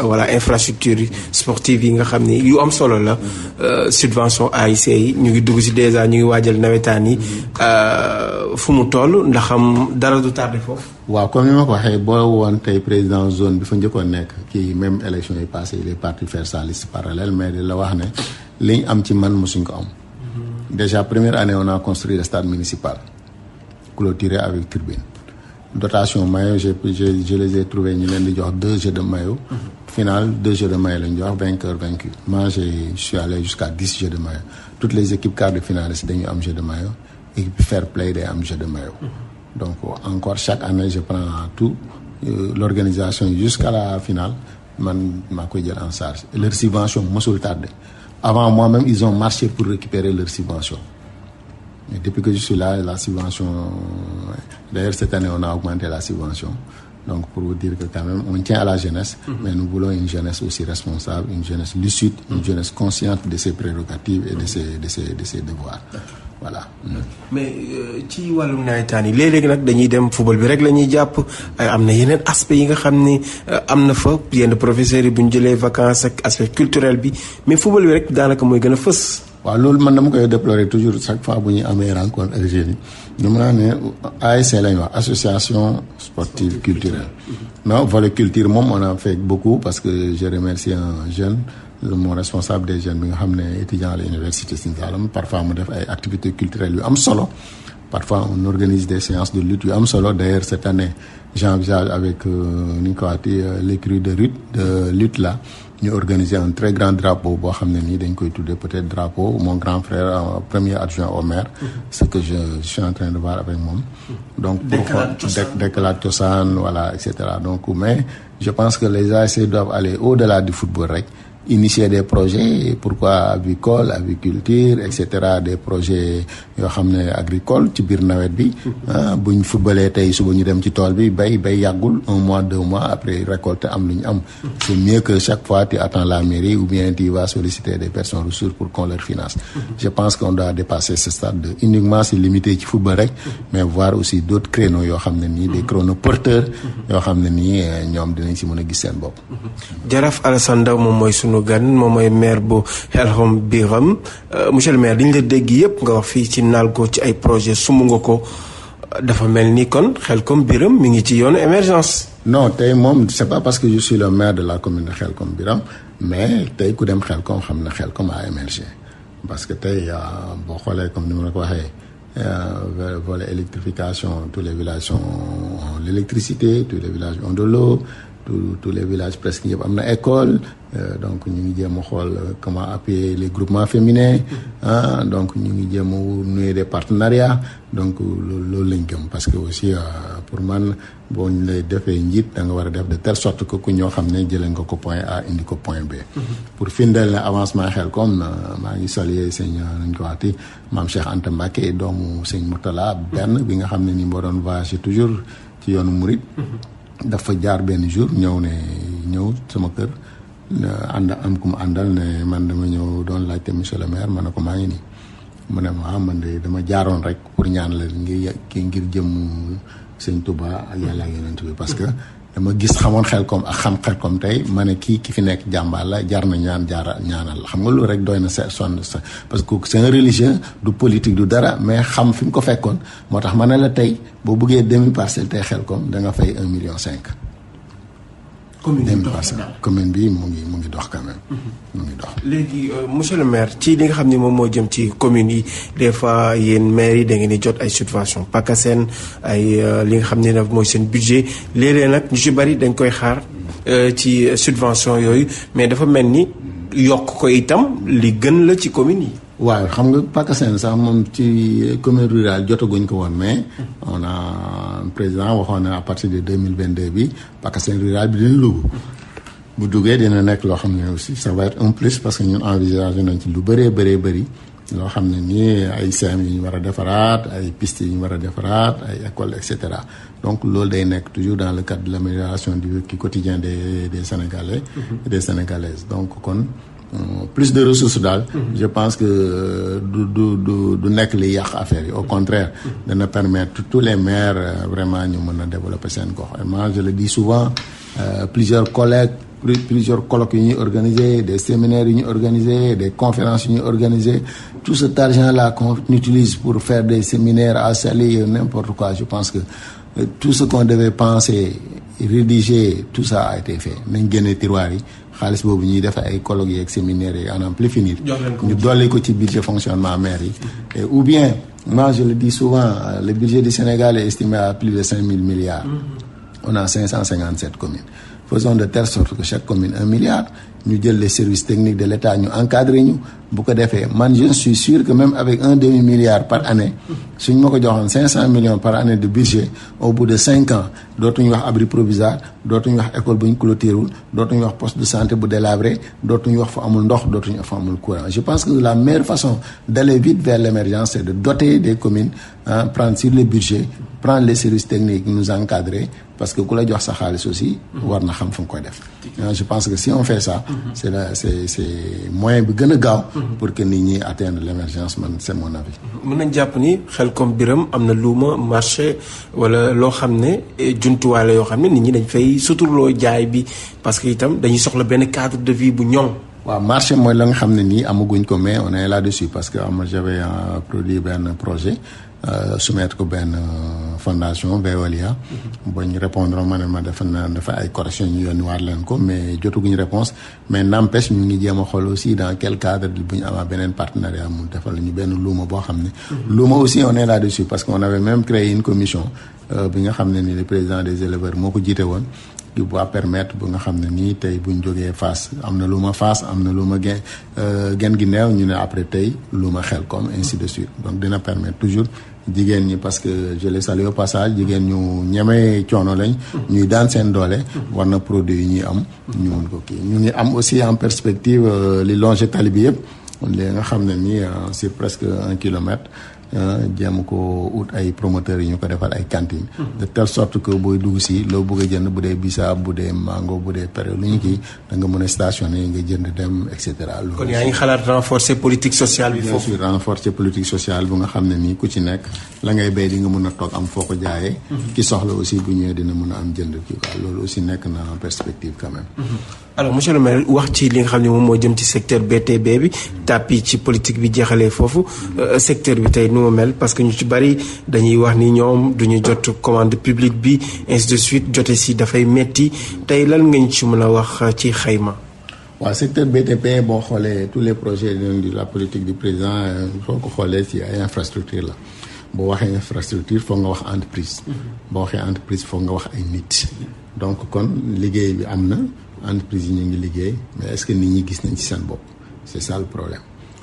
voilà infrastructure sportive yi nga xam ni yu am solo la euh, subvention AIC yi ñu ngi dugg si déjà ñu ngi waajal nawetaan yi euh, fu mu toll ndax am dara du tardé foofu. waaw comme ni ma ko waxee boo woon tey président zone bi fa njëkkoon nekk kii même élection yi passé il est parti faire sa liste mais di la wax ne liñ am ci man mosuñ ko am. Déjà, première année, on a construit le stade municipal, clôturé avec turbine. Dotation maillot, je, je, je, les ai trouvés, ils ont deux jeux de maillot. Final, deux jeux de maillot, ils ont vainqueur, vaincu. Moi, je suis allé jusqu'à 10 jeux de maillot. Toutes les équipes quart de finalistes ont un jeu de maillot. Équipe fair play, des un jeu de maillot. Mm Donc, encore chaque année, je prends tout, euh, l'organisation jusqu'à la finale, man, ma en charge. Et leur subvention, moi, sur le tardé. Avant moi-même, ils ont marché pour récupérer leur subvention. Mais depuis que je suis là, la subvention. D'ailleurs, cette année, on a augmenté la subvention. Donc pour vous dire que quand même, on tient à la jeunesse, mhm. mais nous voulons une jeunesse aussi responsable, une jeunesse lucide, mm -hmm. une mhm. jeunesse consciente de ses prérogatives et de mhm. ses, de ses, voilà. mais euh, ci wàllum nawetaan yi léeg nag dañuy dem football bi rek la ñuy jàpp euh, am na yeneen aspect yi nga xam ni euh, am na fa yenn professeurs yi bu ñu jëlee vacances ak aspect culturel bi mais football bi rek daanaka mooy gën a fës. waa loolu man dama koy déplorer toujours chaque fois bu ñuy amee rencontre ak jeunes yi. dama naa ne ASC lañ wax association. sportive, culturelle. Non, volet culture moom on a fait beaucoup parce que je remercie un jeune mon responsable des jeunes bi nga xam ne étudiant à l'université Sine Saloum parfois mu def ay activités culturelles yu am solo parfois on organise des séances de lutte yu am solo d'ailleurs cette année j'envisage avec euh, ni ñu ko waxati euh, l'écurie de lutte de lutte là ñu organiser un très grand drapeau boo xam ne nii dañ koy tuddee peut-être drapeau mon grand frère euh, premier adjoint au maire. Mm-hmm. ce que je suis en train de voir avec moom. Mm-hmm. donc pour Dekalaat Cosaan voilà et cetera donc mais je pense que les ASC e doivent aller au-delà du football rek. initier des projet pourquoi avicole aviculture et cetera des projets yoo xam ne agricole ci biir nawet bi ah, buñ footballee tey suba ñu dem ci tool bi bay bay yàggul un mois de mois après récolter am lu ñu am c'est mieux que chaque fois tu attends la mairie ou bien tu vas solliciter des personnes ressources pour qu'on finance je pense qu'on doit dépasser ce stade de uniquement c'est limité ci football rek mais voir aussi d'autres créneaux yoo xam ne nii des créneaux porteurs yoo xam ne nii eh, ñoom dinañ si mën a gis seen bopp sunu gan moom mooy maire bu Xelcom Biram euh, monsieur le maire dañu la dégg yëpp nga wax fii ci ko ci ay projet sumu nga ko dafa mel ni kon xel Xelcom Biram mi ngi ci yoonu émergence. no tey moom c'est pas parce que je suis le maire de la commune de Xelcom Biram mais tey ku dem Xelcom xam na Xelcom a émergé parce que tey boo xoolee comme ni ma la ko waxee. Euh, volet électrification tous les villages ont l'électricité tous les villages ont de l'eau tous les villages presque yëpp Euh, donc ñu ngi jéem a xool euh, comment appuyer les groupement féminins ah donc ñu ngi jéem a nouer des partenariats donc euh, loolu loolu lañ gëm parce que aussi pour man boo ñu lay defee njiit da nga war a def de telle sorte que ku ñoo xam ne jëlee nga ko point A indi ko point B. Mhm. pour firndeel ne avancement xel comme maa ngi saluer sëñ nañ ko waxati maam Cheikh Anta Mbacké doomu sëñ Mourtala mhm. benn bi nga xam ne nii moo doon voyager toujours ci yoonu Mouride. Mhm. dafa jaar benn jour ñëw ne ñëw sama kër. ànd am ku mu àndal ne man dama ñëw doon laajte monsieur le maire ma ne ko maa ngi nii mu ne ma ah, man de dama jaaroon rek pour ñaan la ngir kii ngir jëm sëñ Touba ak yàlla ak yonent bi parce que dama gis xamoon xel kom ak xam xel kom tey ma ne kii ki fi nekk jàmbaal la jar na ñaan jaara ñaanal xam nga loolu rek doy na sa son sa parce que c'est un religieux du politique du dara mais xam fi mu ko fekkoon moo tax ma ne la tey boo bëggee demi parcelle tey xel kom da nga fay un million cinq commune bi dox commune bi mu ngi mu ngi dox quand même. Mhm. mu ngi dox léegi euh, monsieur le maire ci li nga xam ne moom moo jëm ci commune yi des fois yéen maire yi da ngeen di jot ay subvention seen ay euh, li nga xam ne nag mooy seen budget léeg nag ñu ci bari dañ koy xaar euh, ci subvention yooyu mais dafa mel ni yokk ko itam li gën la ci commune yi. waaye xam nga Pakasen sax moom ci commune rurale jotaguñ ko woon mais on a président waxoon na à partir de deux mille vingt deux bi Pakasen rural bi dina dugg. bu duggee dina nekk loo xam ne aussi ça va être un plus parce que ñun envisagé nañ ci lu bëree bëree bëri loo xam ne nii ay CEM yu ñu war a defaraat ay piste yu ñu war a defaraat ay école et cetera donc loolu day nekk toujours dans le cadre de l' amélioration du quotidien des des sénégalais. Mm-hmm. des sénégalaises donc kon. Euh, plus de ressources daal. Mhm. je pense que euh, du du du du nekk li yàq affaire yi au mhm. contraire. Mhm. dana permettre tous les maires euh, vraiment ñu mën a développer seen gox moi je le dis souvent plusieurs collègues plusieurs colloques yu ñuy organiser des séminaires yu ñuy organiser des conférences yu ñuy organiser tout cet argent là qu'on utilise pour faire des séminaires à Saly n'importe quoi je pense que tout ce qu'on devait penser rédiger tout ça a été fait nañ génne tiroir yi. xaalis boobu ñuy def ay colloques yeeg séminaires yi à plus finir. ñu dolli ko ci budget fonctionnement maire yi. et ou bien moi je le dis souvent le budget du Sénégal estimé à plus de mille milliards. Mm-hmm. on a cinq cent cinquante sept communes. faisons de telle sorte que chaque commune un milliard. ñu jël les service technique de l' état ñu encadré ñu bu ko defee man je suis sûr que même avec un demi milliard par année suñ ma ko joxoon cinq cent millions par année de budget au bout de cinq ans dootuñu wax abri provisoire dootuñu wax école bu ñu clôturewul dootuñu wax poste de santé bu délabré dootuñu wax fa amul ndox dootuñu wax amul courant je pense que la meilleure façon d' aller vite vers l' de doter des communes hein, prendre sur les budget prendre les services techniques nous parce que ku la jox sa xaalis aussi war xam fu nga koy def je pense que si on fait ça c'est la c'est c'est moyen bi gën a gaaw. pour que nit ñi atteindre l'émergence man c'est mon avis. mën nañ jàpp ni xel comme biram am na luuma marché wala loo xam ne eh, juntuwaale yoo xam ne nit ñi dañ fay suturloo jaay bi parce que itam dañuy soxla benn cadre de vie bu ñoŋ. waaw marché mooy la nga xam ne nii amaguñ ko mais on est là-dessus parce que am ah, j'avais euh, produit benn projet. Euh, soumettre ko benn euh, fondation Veolia. Mhm. ba ñu répondre ma ne ma dafa na dafa ay correction ñu yónni waat leen ko mais jotaguñu réponse mais n'empêche ñu ngi jéem a xool aussi dans quel cadre bu ñu amaat beneen partenariat mu defal ñu benn luuma boo xam ne. Mhm. luuma aussi on est là-dessus parce que on avait même créé une commission euh, bi nga xam ne ni le président des éleveurs moo ko jiite woon. qui va permettre bu nga xam ne nii tey buñ jogee fas am na lu ma fas am na lu ma gen gen gi neew ñu ne après tey lu ma xel comme ainsi de suite donc dina permettre toujours jigéen ñi parce que je les salue au passage jigéen ñu ñemee coono lañ. ñuy daan seen doole. war na produit yi ñuy am. ñu mun ko kii ñu ngi am aussi en perspective euh, li longe tali bi yëpp li nga xam ne nii euh, c'est presque un kilomètre. Euh, jéem ko ut ay promoteurs yi ñu ko defal ay cantines. de telle sorte que booy dugg si loo bëgg a jënd bu dee bisaab bu dee mango bu dee pere lu ñu kii da nga mën a stationné nga jënd dem et cetera. loolu kon yaa ngi xalaat renforcer politique sociale bi foofu. bien sûr renforcer politique sociale bu nga xam ne nii nga a toog am foo ko mhm. a am jënd kii quoi loolu aussi mhm. nga xam ne moom moo jëm ci secteur BTP bi mhm. tàppi ci politique bi jeexalee foofu euh, secteur bi tey mu mel parce que ñu ci bari dañuy wax ni ñoom duñu jot commande publique bi ainsi suite jote si dafay metti tey lan nga ñu ci mën a wax ci xayma. waa secteur BTP boo xoolee tous les projets de la politique du président euh, soo ko xoolee si ay infrastructure la boo waxee infrastructure foog nga wax entreprise. boo waxee entreprise foog nga wax ay nit. donc kon liggéey bi am na entreprise yi ñu ngi liggéey mais est-ce que nit ñi gis nañ ci seen bopp c'est ça le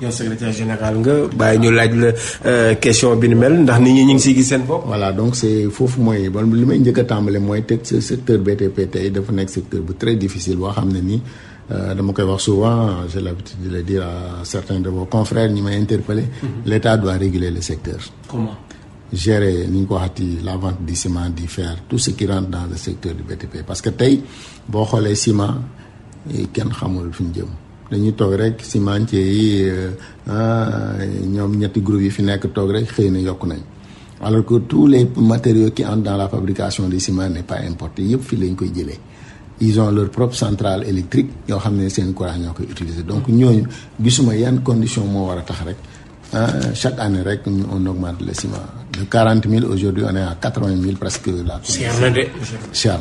yow secrétaire général nga bàyyi ñu laaj la euh, question bi nu mel ndax nit ñi ñu ngi siy gis seen bopp. voilà donc c' est foofu mooy bon may njëkk a mooy teg secteur BTP tey dafa nekk secteur bu très difficile boo xam ne nii euh, dama koy wax souvent j'ai l'habitude de le dire à de vos confrères ñi may interpellé. Mhm. l' état doit réguler le secteur. comment. gérer ni ñu ko waxati la vente du ciment du fer tout ce qui rentre dans le secteur du BTP parce que tey boo xoolee ciment eh, kenn xamul fi ñu jëm. dañuy toog rek cimentier yi euh, ah, ñoom ñetti groupe yi fi nekk toog rek xëy na yokk nañ alors que tous les matériaux qui entrent dans la fabrication du ciment n'est pas importé yëpp fii lañ koy jëlee ils ont leur propre centrale électrique yoo xam ne seen courant ñoo koy utiliser donc ñooñu gisuma yenn condition moo war a tax rek ah, chaque année rek un augmente le ciment de 40 000 aujourd'hui on est à 80 000 presque la cher na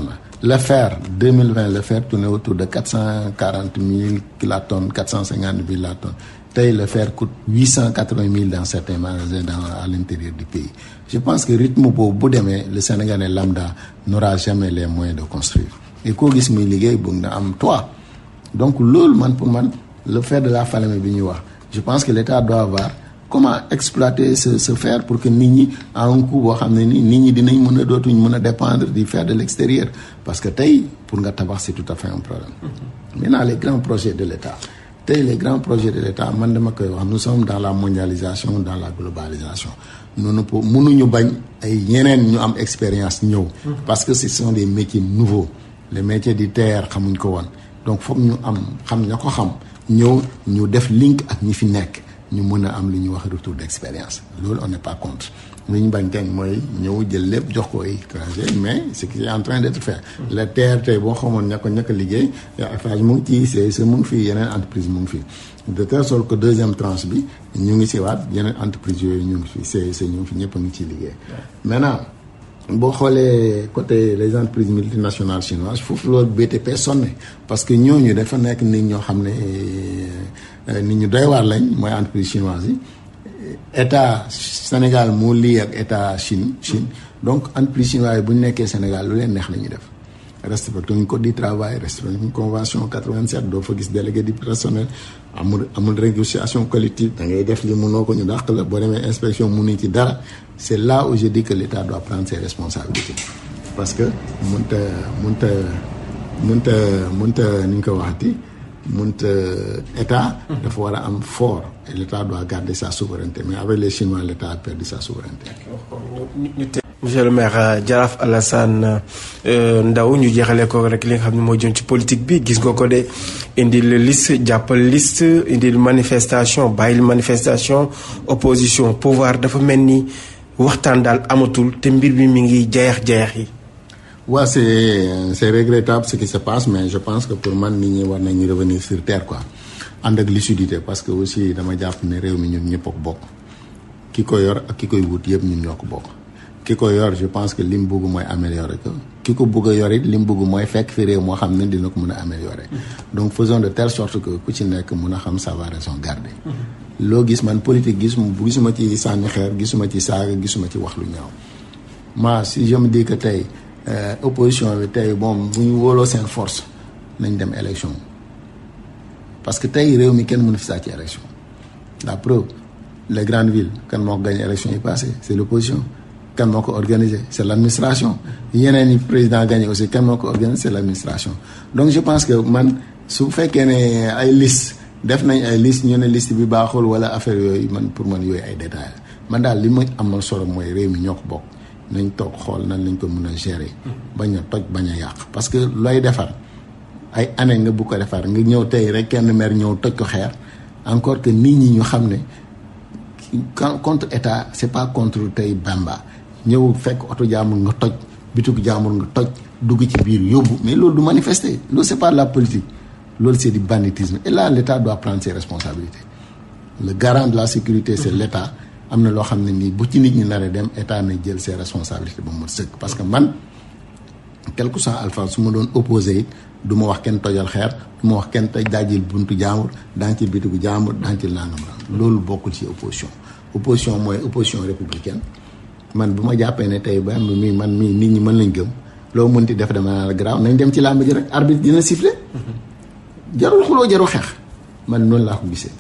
na le fer 2020 le fer tournait autour de 440 000 kilotonnes 450 000 la tonne tey le fer coûte 880 000 dans certains magasins dans à l'intérieur du pays je pense que rythme boobu bu demee le Sénégalais lambda n'aura jamais les moyens de construire et koo gis muy liggéey bëgg na am toit donc loolu man pour man le fer de la Falémé bi ñuy wax je pense que l'État doit avoir comment exploiter ce ce fer pour que nit ñi à un coût boo xam ne ni nit ñi dinañ mën a dootuñ mën a dépendre du fer de l'extérieur parce que tey pour nga tabax c'est tout à fait un problème mm-hmm. maintenant les grands projets de l'État tey lee grands projets de l'État man dama koy wax nous sommes dans la mondialisation dans la globalisation noonu pour mënuñu bañ ay ñeneen ñu am expérience ñëw mm-hmm. parce que ce sont des métiers nouveaux les métiers du terre xamuñ ko woon donc foog ñu am xam ña ko xam ñëw ñu def link ñi fi nekk ñu mën a am li ñuy wax retour d'expérience loolu on n'est pas contre li ñu bañ teen mooy ñëw jël lépp jox ko étranger mais ce qui est en train d'être fait mm. la TRT boo xamoon ña ko ña ko liggéey Eiffage mu ngi ci CSE mu fii yeneen entreprise mu ngi fii de telle que deuxième tranche bi ñu ngi si waat entreprise yooyu ñu ngi fi CSE ñu fi ñëpp a ngi ciy liggéey maintenant boo xoolee côté les entreprises multinationales chinoises foofu loolu BTP sonné parce que ñooñu dafa nekk nit ñoo xam ne Euh, nit ñu doy waar lañ mooy entreprise chinoise yi état Sénégal moo lii ak état Chine Chine donc entreprise chinoise yi bu ñu nekkee Sénégal lu leen neex la ñuy def respecté ñu code du travail respecté ñu convention 87 doo fa gis délégué di personnel amul amul négociation collective da ngay def li mënoo ko ñu dàq la boo demee inspection mënuñ ci dara c' est là où je dis que l' état doit prendre ses responsabilités parce que mënta mënta mënta mënta ni ñu ko waxati mënta état. dafa war a am fort. et l' état doit garder sa souveraineté mais avec les chinois l' état a perdu sa souveraineté. monsieur euh, Jaraaf Alassane euh, Ndao ñu jeexalee ko rek li nga xam ne mooy jëm ci politique bi gis nga ko de indil liste jàppal liste indil manifestation bàyyil manifestation opposition pouvoir dafa mel ni waxtaan daal amatul te mbir bi mi ngi jeex jeex yi. waaw c'est c'est regrettable ce qui se passe mais je pense que pour man nit ñi war nañu revenir sur terre quoi ànd ak lucidité parce que aussi dama jàpp ni réew mi ñun ñëpp ak bokk ki ko yor ak ki koy wut yëpp ñun ñoo ko bokk ki ko yor je pense que li mu bëgg mooy améliorer ko ki ko bëgg a yor it li mu bëgg mooy fekk fi réew moo xam ne dina ko mën a améliorer donc faisons de telle sorte que ku ci nekk mën a xam savoir raison garder loo gis man politique gis gisuma ci sànni xeer gisuma ci saaga gisuma ci wax lu ñaaw ma si je me dis tey Euh, opposition bi tey moom bu ñu wóoloo seen force nañ dem élection parce que tey réew mi kenn mënu fi sàcc élection la preuve les grandes villes kan moo ko gagné élection yi passé c' est l' opposition kan moo ko organisé c' est l' administration yeneen yi président gagné aussi kenn moo ko organisé c' est l' donc je pense que man su fekkee ne ay liste def nañ ay liste ñu ne liste bi baaxul wala affaire yooyu man pour man yooyu ay détails man daal li ma amal solo mooy réew mi ñoo ko bokk nañ toog xool nañ lañ ko mun a gérer. bañ a toj bañ a yàq parce que looy defar ay année nga bu ko defar nga ñëw tey rek kenn meer ñëw toj ko xeer encore que nit ñi ñu xam ne contre état c'est pas contre tey Bamba ñëw fekk oto jaamur nga toj bituk jaamur nga toj dugg ci biir yóbbu mais loolu du manifester loolu c'est pas la politique loolu c'est du banditisme et là l'État doit prendre ses responsabilités le garant de la sécurité c'est l'État am na loo xam ne nii bu ci nit ñi nar dem état na jël ses responsabilités ba mu sëkk parce que man quelque soit alpha su ma doon opposé it du ma wax kenn tojal xeer du wax kenn toj daajil buntu jaambur dancil bitigu jaambur dancil nangam ram loolu bokkul ci opposition opposition mooy opposition républicaine man bu ma jàppee ne tey ba mi man mii nit ñi mën lañ gëm loo mënti def dama naa la garaaw nañ dem ci làmb ji rek arbitre dina siffler mm-hmm. jarul xuloo xeex man noonu laa ko gisee.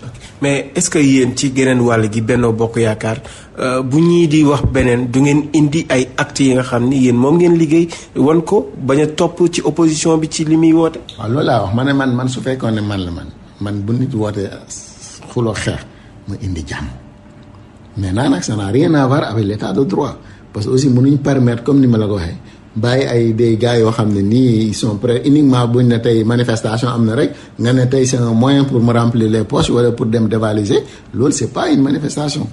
mais est-ce que yéen ci geneen wàll gi Benno Bokk Yaakaar euh, bu ñii di wax beneen du ngeen indi ay act yi nga xam ni yéen moom ngeen liggéey wan ko bañ a topp ci opposition bi ci li muy woote. waaw loolu laa wax ma ne man man su fekkoon ne man la man man bu nit wootee xuloo xeex ma indi jàmm mais naa nag ça n'a rien à voir avec l'état de droit parce que aussi mënuñ permettre comme ni ma la ko waxee. bàyyi ay des gars yoo xam ne nii ils sont prêts uniquement buñ ne tey manifestation am na rek nga ne tey c'est un moyen pour me remplir les poches wala pour dem dévaliser loolu c'est pas une manifestation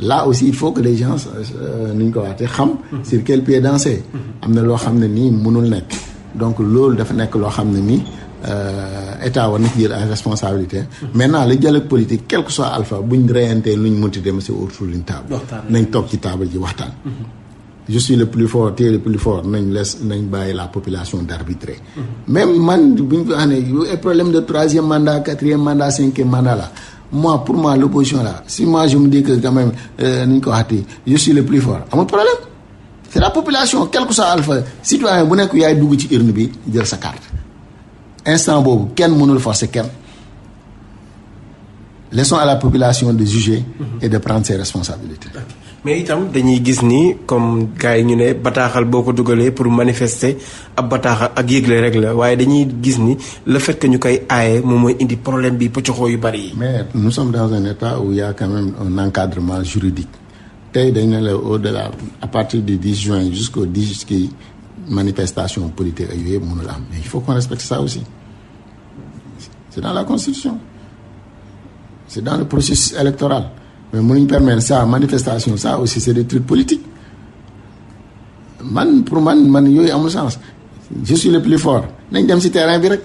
là aussi il faut que les gens euh, nu ñu ko waxee xam sur quel pied danser am na loo xam ne nii mënul nekk donc loolu dafa nekk loo xam ne nii euh, état war na ci jël ay responsabilité maintenant le dialogue politique quel que soit alpha buñ reyantee luñ munti dem si autour d'une table nañ toog ci table ji waxtaan mhm. je le plus fort tey le plus fort nañ les nañ bàyyi la population d'arbitrer même man bu ñu année problème de troisième mandat quatrième mandat cinquième mandat là moi pour moi l'opposition là si moi je me dis que quand même euh, nañ le plus fort amul problème c'est la population quel que soit bu nekk yaay dugg ci urne bi jël sa carte instant boobu kenn mënul forcer kenn laissons à la population de juger et de prendre ses responsabilités mais itam dañuy gis ni comme gars yi ñu ne bataaxal boo ko dugalee pour manifester ab bataaxal ak yëgle rek la waaye dañuy gis ni la fekk ñu koy aaye moom mooy indi problème bi pëccoxoo yu bari yi. mais nous sommes dans un état où il y a quand même un encadrement juridique tey dañ ne la au delà à partir du 10 juin jusqu'au 10 kii manifestation politique ak yooyu mënul am mais il faut qu'on respecte ça aussi c'est dans la constitution c'est dans le processus électoral. mais mënuñ permettre ça manifestation ça aussi c' est des trucs man pour man man yooyu amul sens je suis le plus fort nañ dem si terrain bi rek.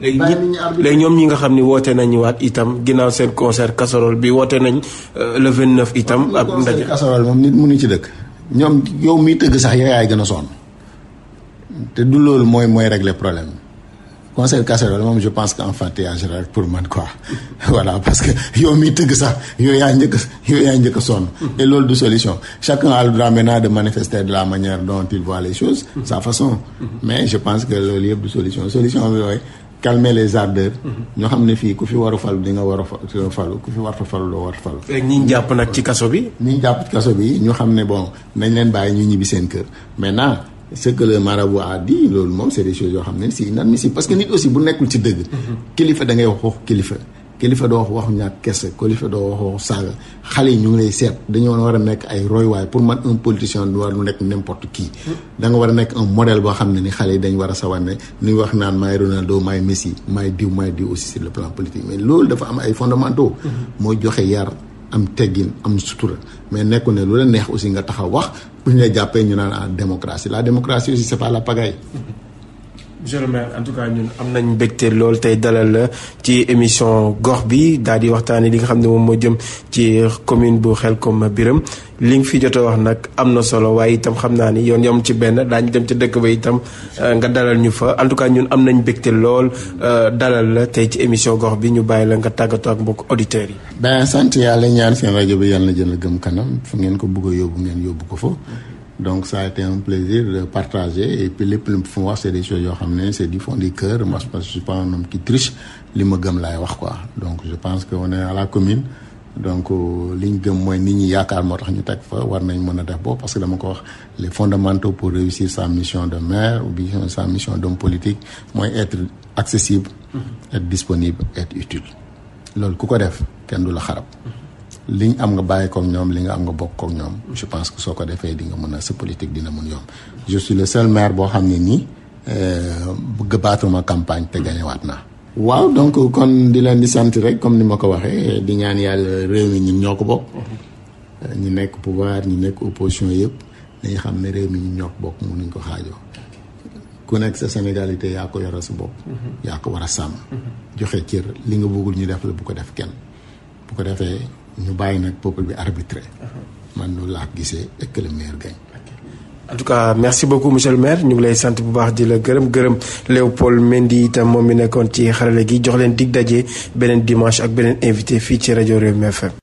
léegi ñoom ñi nga xam ni woote nañu waat itam ginnaaw seen concert casserole bi woote nañ euh, le 29 itam. ak ndaje casserole moom nit mënu ci dëkk. ñoom yow miy tëgg sax yow yaay gën a sonn te du loolu mooy mooy régler problème concert casserole moom je pense que enfant en général pour man quoi voilà parce que yow miy tëgg sax yow yaa njëkk yow yaa njëkk sonn et loolu du solution chacun a le droit maintenant de manifester de la manière dont il voit les choses sa façon mais je pense que loolu yëpp du solution solution bi mooy calmer les ardeurs ñoo xam ne fii ku fi war a falu di nga war a falu ku fi war a falu doo war a falu rek ñi nag ci kaso bi ñi jàpp ci kaso bi ñu xam ne bon nañ leen bàyyi ñu ñibbi seen kër maintenant ce que le marabout a dit loolu moom c'est des choses yoo xam ne c'est inadmissible parce que nit aussi bu nekkul ci dëgg. kilifa da ngay wax waxu kilifa. kilifa doo wax waxu ñàkk kese kilifa doo wax waxu saaga xale yi ñu ngi lay seet dañoo war a nekk ay roy roywaay pour man un politicien du war lu nekk n'importe qui da nga war a nekk un modèle boo xam ne ni xale yi dañ war a sawanne nuy wax naan maay Ronaldo maay Messi maay diw maay diw aussi si le plan politique loolu dafa am ay fondamentaux mm-hmm. mooy joxe yar am teggin am sutura mais nekkul ne lu la neex aussi nga taxaw wax bu ñu lay jàppee ñu naan a démocratie la démocratie aussi c'est pas la pagaille monsieur le en tout cas ñun am nañ mbégte lool tey dalal la ci émission gox bi daal di waxtaanee li nga xam ne moom moo jëm ci commune bu xel Xelcom Birame li nga fi jot a wax nag am na solo waaye itam xam naa ni yoon yom ci benn daañu dem ci dëkk ba itam euh, nga dalal ñu fa en tout cas ñun am nañ mbégte lool euh, dalal la tey ci émission gox bi ñu bàyyi la nga tàggatoo ak mbokk auditeurs yi. ben sant yàlla ñaan seen rajo bi yàlla na jël gëm kanam fu ngeen ko bëgg a yóbbu ngeen yóbbu ko fa. donc ça a été un plaisir de partager et puis lépp lu mu wax c'est des yoo xam ne c'est du fond du cœur moi je suis pas un triche li ma gëm laay wax ko donc je pense que on est la commune donc euh, li ñu gëm mooy nit ñi yaakaar moo tax ñu teg fa war nañ mën a def boobu parce que dama ko wax les fondamentaux pour réussir sa mission de maire ou bien sa mission d'homme politique mooy être accessible mm-hmm. être disponible être utile loolu ku ko def kenn du la xarab liñ am nga bàyyi koog ñoom li nga am nga bokk kook ñoom je pense que soo ko defee di nga mën a sa politique dina mun yomb je suis le seul maire boo xam ne nii bëgg euh, baatuma campagne te gañewaat na waaw donc kon di leen di sant rek comme ni ma ko waxee di ñaan yàlla réew mi ñun ñoo ko bokk ñu nekk pouvoir ñu nekk opposition yëpp dañu xam ne réew mi ñu ñoo ko bokk mënuñ ko xaajoo ku nekk sa sénégalité yaa ko yore sa bopp yaa ko war a sàmm mm-hmm. joxe cër li nga bëggul ñu def la bu ko def kenn bu ko defee ñu bàyyi nag peuple bi arbitré uh-huh. man loolu laa gisee et que le meilleur gagne cas merci beaucoup monsieur le maire ñu ngi lay sant bu baax di la gërëm gërëm Léopold Mendy itam moom mi nekkoon ci xarale gi jox leen dig daje beneen dimanche ak beneen invité fii ci rajo Rewmi FM